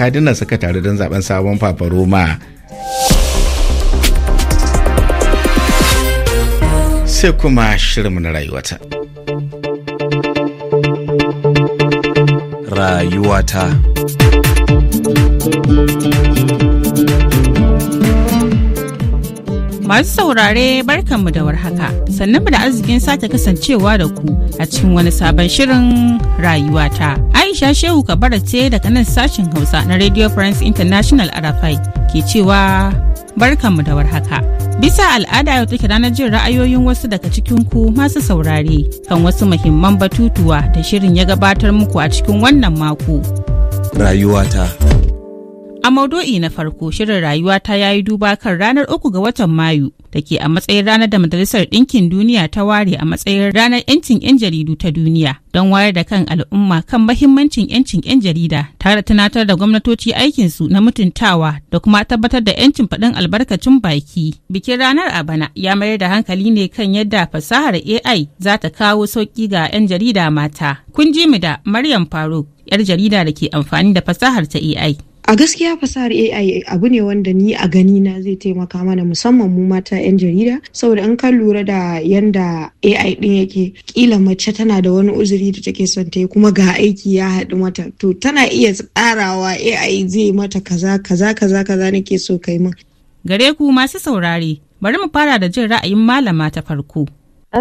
kadina suka tare don zaben sabon fafaroma sai kuma shirinmu na rayuwata rayuwata Masu saurare barkanmu da warhaka, sannan mu da arzikin sake kasancewa da ku a cikin wani sabon shirin rayuwata. Aisha Shehu Kabara ce daga nan sashen Hausa na Radio France International Arafai ke cewa barkanmu da warhaka. Bisa al'ada yau take ranar jin ra'ayoyin wasu daga cikin ku masu saurare kan wasu muhimman batutuwa da shirin ya gabatar muku a cikin wannan mako. Rayuwata. A maudu'i na farko shirin rayuwa ta yayi duba kan ranar uku ga watan Mayu da ke a matsayin ranar da Majalisar Ɗinkin Duniya ta ware a matsayin ranar 'yancin 'yan jaridu ta duniya don wayar da kan al'umma kan mahimmancin 'yancin 'yan jarida tare da tunatar da gwamnatoci aikinsu na mutuntawa da kuma tabbatar da 'yancin faɗin albarkacin baki. Bikin ranar a bana ya mayar da hankali ne kan yadda fasahar AI za ta kawo sauki ga 'yan jarida mata. Kun ji mu da Maryam Faruk, 'yar jarida da ke amfani da fasahar ta AI. a gaskiya fasahar ai abu ne wanda ni a gani na zai taimaka mana musamman mu mata 'yan jarida saboda in kan lura da yanda ai din yake kila mace tana da wani uzuri da take son ta yi kuma ga aiki ya haɗu mata to tana iya tsarawa ai zai mata kaza kaza kaza kaza nake so kai min gare ku masu saurare bari mu fara da jin ra'ayin malama ta farko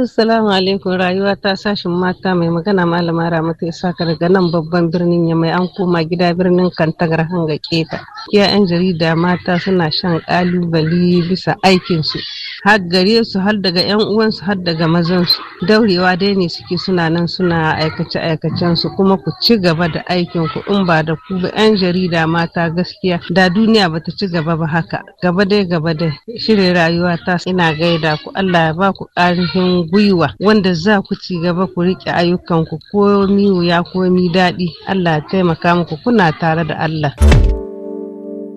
Assalamu alaikum rayuwa ta sashin mata mai magana malama Ramatu ka daga nan babban birnin ya mai an koma gida birnin Kantagar hanga keta. Kiya 'yan jarida mata suna shan kalubali bisa aikinsu har gare su har daga yan uwansu har daga mazansu daurewa dai ne suke suna nan suna aikace aikacen su kuma ku ci gaba da aikin ku in ba da ku yan jarida mata gaskiya da duniya bata ci gaba ba haka gaba dai gaba dai shirin rayuwa ta ina gaida ku Allah ya ba ku ƙarfin gwiwa wanda za ku ci gaba ku rike ayyukan ku ko mi komi ko daɗi Allah ya taimaka muku kuna tare da Allah.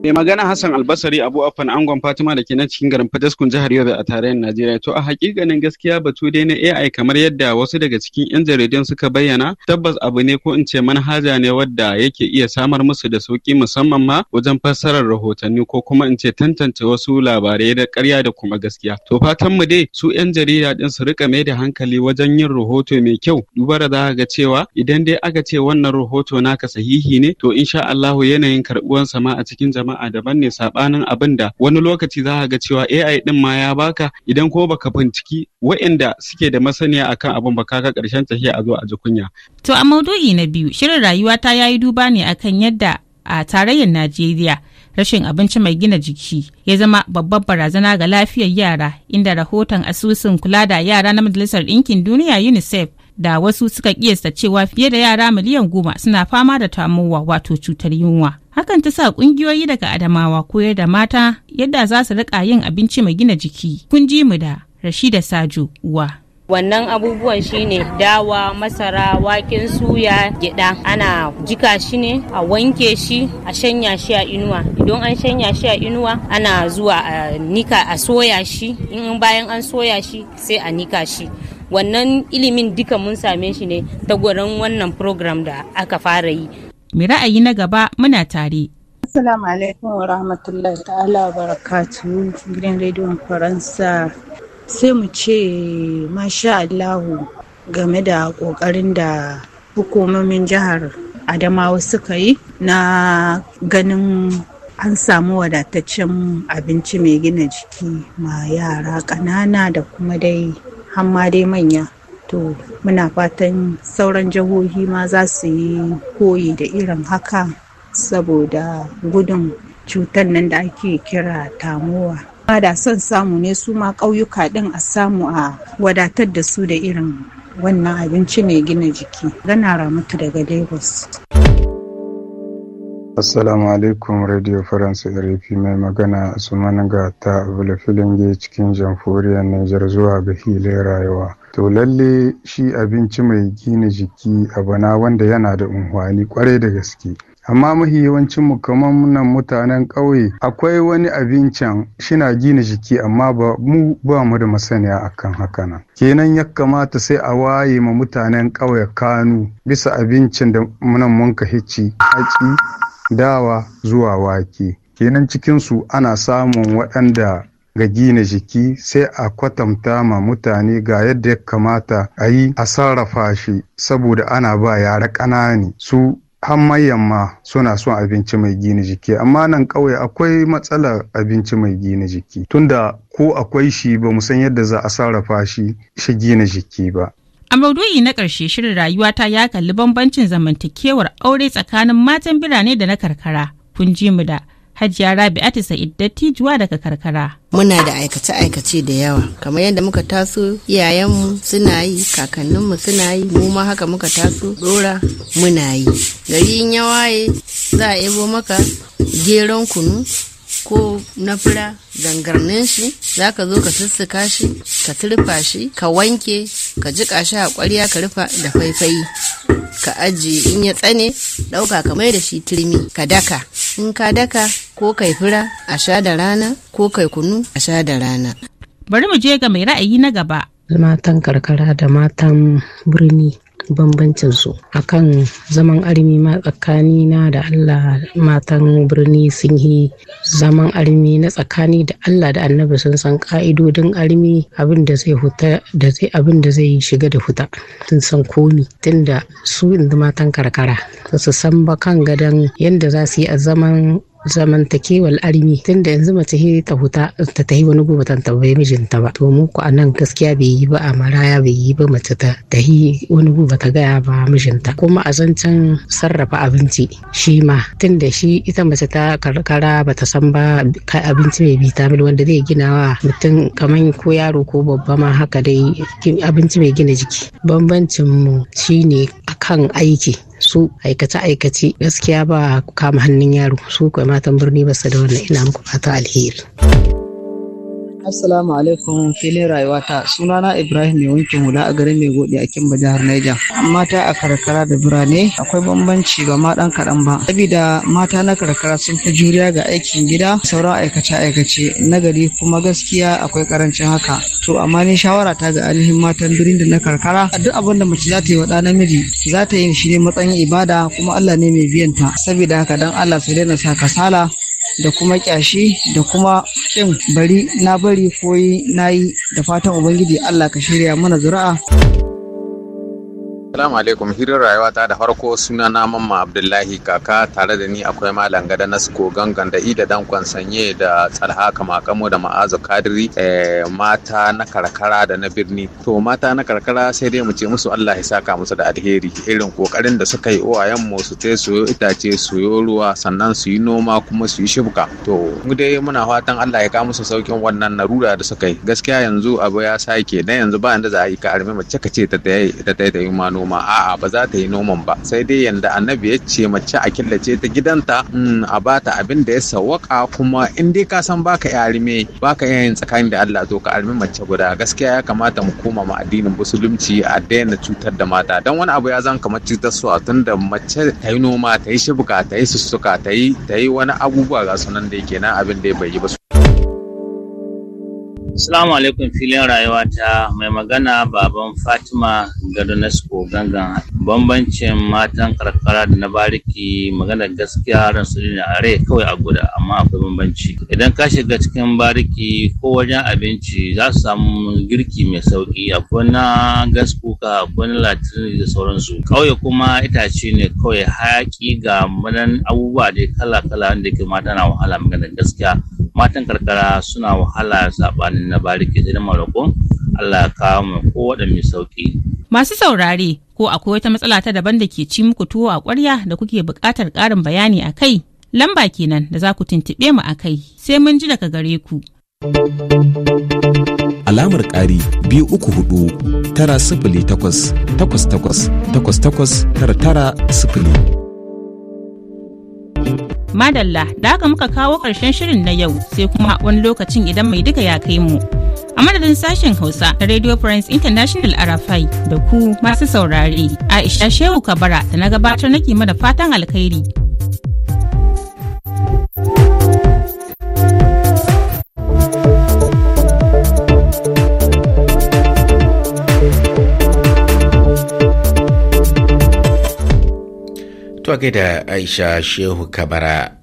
Mai magana Hassan Albasari Abu Afan Angon Fatima da ke nan cikin garin Fataskun jihar Yobe a tarayyar Najeriya. To a hakikanin gaskiya batu dai na AI kamar yadda wasu daga cikin 'yan jaridun suka bayyana tabbas abu ne ko in ce manhaja ne wadda yake iya samar musu da sauki musamman ma wajen fassarar rahotanni ko kuma in ce tantance wasu labarai da ƙarya da kuma gaskiya. To fatan mu dai su 'yan jarida din su rika mai da hankali wajen yin rahoto mai kyau duba da za ga cewa idan dai aka ce wannan rahoto naka sahihi ne to insha Allahu yanayin karɓuwansa sama a cikin jama'a jama'a daban ne sabanin abin da wani lokaci za ga cewa AI din ma ya baka idan ko baka binciki waɗanda suke da masaniya akan abin ba ka karshen tafiya a zo a ji kunya. To a maudu'i na biyu shirin rayuwa ta yayi duba ne akan yadda a tarayyar Najeriya rashin abinci mai gina jiki ya zama babbar barazana ga lafiyar yara inda rahoton asusun kula da yara na majalisar ɗinkin duniya unicef da wasu suka kiyasta cewa fiye da yara miliyan goma suna fama da tamowa wato cutar yunwa. Hakan ta sa kungiyoyi daga Adamawa koyar da mata yadda za su rika yin abinci mai gina jiki. Kun ji mu da Rashida Sajo uwa. wannan abubuwan shine dawa masara waken suya gyada ana jika shi ne a wanke shi a shanya shi a inuwa idan an shanya shi a inuwa ana zuwa a nika a soya shi in bayan an soya shi sai a nika shi wannan ilimin duka mun same shi ne ta gurin wannan program da aka fara yi mai ra'ayi na gaba muna tare Assalamu alaikum wa rahmatullahi ta'ala wa barakatu gidan rediyon Faransa sai mu ce masha Allahu game da ƙoƙarin da hukumomin jihar Adamawa suka yi na ganin an samu wadataccen abinci mai gina jiki ma yara ƙanana da kuma dai hamma dai manya to muna fatan sauran jihohi ma za su yi koyi da irin haka saboda gudun cutar nan da ake kira tamowa da son samu ne su ma ƙauyuka ɗin a samu a wadatar da su da irin wannan abinci mai gina jiki gana ramatu daga lagos Assalamu alaikum Radio France RFI mai magana Usman ta Abula Filinge cikin jamhuriyar Nijar zuwa ga hilin rayuwa. To lalle shi abinci mai gina jiki abana wanda yana da unhwani kwarai da gaske. amma mahi yawancin mu kamar nan mutanen ƙauye akwai wani abincin shina gina jiki amma ba mu ba mu da masaniya akan haka nan kenan ya kamata sai a waye ma mutanen ƙauye kanu bisa abincin da nan mun ka hici dawa zuwa wake kenan cikinsu ana samun waɗanda ga gina jiki sai a kwatanta ma mutane ga yadda ya kamata a yi a sarrafa shi saboda ana ba yara ƙanani su hammayan ma suna son abinci mai gina jiki amma nan ƙauye akwai matsalar abinci mai gina jiki tunda ko akwai shi ba mu san yadda za a sarrafa shi shi gina jiki ba A maudu'i na ƙarshe shirin rayuwata ya kalli bambancin zamantakewar aure tsakanin matan birane da na karkara. Kun ji mu da Hajiya Rabi'atu Sa'id dattijuwa daga karkara. Muna da aikace-aikace da yawa, kamar yadda muka taso iyayenmu suna yi, kakanninmu suna yi, mu ma haka muka taso dora muna yi. Gari in ya za a ebo maka geron kunu ko na fura zangarnin shi za ka zo ka sussuka shi ka turfa shi ka wanke ka jiƙa shi a ƙwarya ka rufa da faifayi ka ajiye in ya tsane ɗauka ka mai da shi turmi ka daka in ka daka ko kai fura a sha da rana ko kai kunu a sha da rana bari mu je ga mai ra'ayi na gaba matan karkara da matan birni bambancin su akan zaman armi ma tsakani na da Allah matan birni sun yi zaman armi na tsakani da Allah da annabi sun san ka'idodin armi abin da zai huta da zai abin da zai shiga da huta sun san komi tunda su inda matan karkara su san ba kan gadon yadda za su yi a zaman zamantakewar armi da yanzu mace ta huta ta tahi wani gobe ta tambaye mijinta ba to mu ku anan gaskiya bai yi ba a maraya bai yi ba mace ta tahi wani gobe ta gaya ba mijinta kuma a zancen sarrafa abinci shi ma tun da shi ita mace ta karkara ba ta san ba kai abinci mai vitamin wanda zai gina wa mutum kamar ko yaro ko babba ma haka dai abinci mai gina jiki bambancin mu shine kan aiki su aikace-aikace gaskiya ba kama hannun yaro su kuwa matan birni ba su da wannan ina muku fata alheri. Assalamu alaikum filin rayuwata! sunana Ibrahim mai wankin hula a garin mai godi a Kimba jihar Naija. Mata a karkara da birane akwai bambanci ba ma dan kaɗan ba. Sabida mata na karkara sun fi juriya ga aikin gida sauran aikace-aikace na gari kuma gaskiya akwai karancin haka. To amma ni shawara ta ga ainihin matan birnin da na karkara duk abin da mace za ta yi wa ɗa namiji za ta yi shi ne matsayin ibada kuma Allah ne mai biyan ta. Sabida haka dan Allah sai dai na sa kasala da kuma kyashi da kuma ɗin bari na bari koyi na yi da fatan ubangiji allah ka shirya mana zuri'a Salamu alaikum hirar rayuwa ta da farko suna na mamma Abdullahi kaka tare da ni akwai malam gada na suko gangan da ida dan sanye da tsalha kamakamo da ma'azu kadiri eh, mata na karkara da na birni. To mata na karkara sai dai mu ce musu Allah ya saka musu da alheri irin kokarin da suka yi uwayen mu su te su itace yi ruwa sannan su yi noma kuma su yi shibka. To mu dai muna fatan Allah ya kawo musu saukin wannan narura da suka yi. Gaskiya yanzu abu ya sake na yanzu ba inda za a yi ka arme mace ka ce ta ta yi ta yi ma noma. noma a'a ba za ta yi noman ba sai dai yanda annabi ya ce mace a killace ta gidanta mm, a ba ta abin da ya sawaka kuma in dai ka san baka ya baka yin tsakanin da Allah to ka armi mace guda gaskiya ya kamata mu koma mu addinin musulunci a daina cutar da mata dan wani abu ya zan kamar cutar su a tunda mace ta yi noma ta yi shibuka ta yi sussuka ta yi wani abubuwa ga sunan da yake na abin da bai yi ba Assalamu alaikum filin rayuwa ta mai magana baban Fatima Gadonesko gangan bambancin matan karkara da na bariki magana gaskiya ran su ne are kawai a guda amma akwai bambanci idan ka shiga cikin bariki ko wajen abinci za su samu girki mai sauki akwai na gas kuka akwai na latin da sauransu kauye kuma itace ne kawai hayaki ga manan abubuwa da kala kala wanda ke mata na wahala magana gaskiya matan karkara suna wahala sabanin na bariki da maroko Allah ya kawo mu ko mai sauki. Masu saurare ko akwai wata matsala ta daban da ke ci muku tuwo a ƙwarya da kuke buƙatar ƙarin bayani a kai lamba kenan da za ku tuntuɓe mu a kai sai mun ji daga gare ku. Alamar ƙari biyu uku hudu tara sifili takwas takwas takwas takwas takwas tara tara sifili. Madalla, da haka muka kawo ƙarshen shirin na yau sai kuma wani lokacin idan mai duka ya kai mu. A madadin sashen Hausa na Radio France International Arafai da ku masu saurare, Aisha Shehu Kabara da na gabatar nake mana fatan alkhairi. to gaida Aisha Shehu Kabara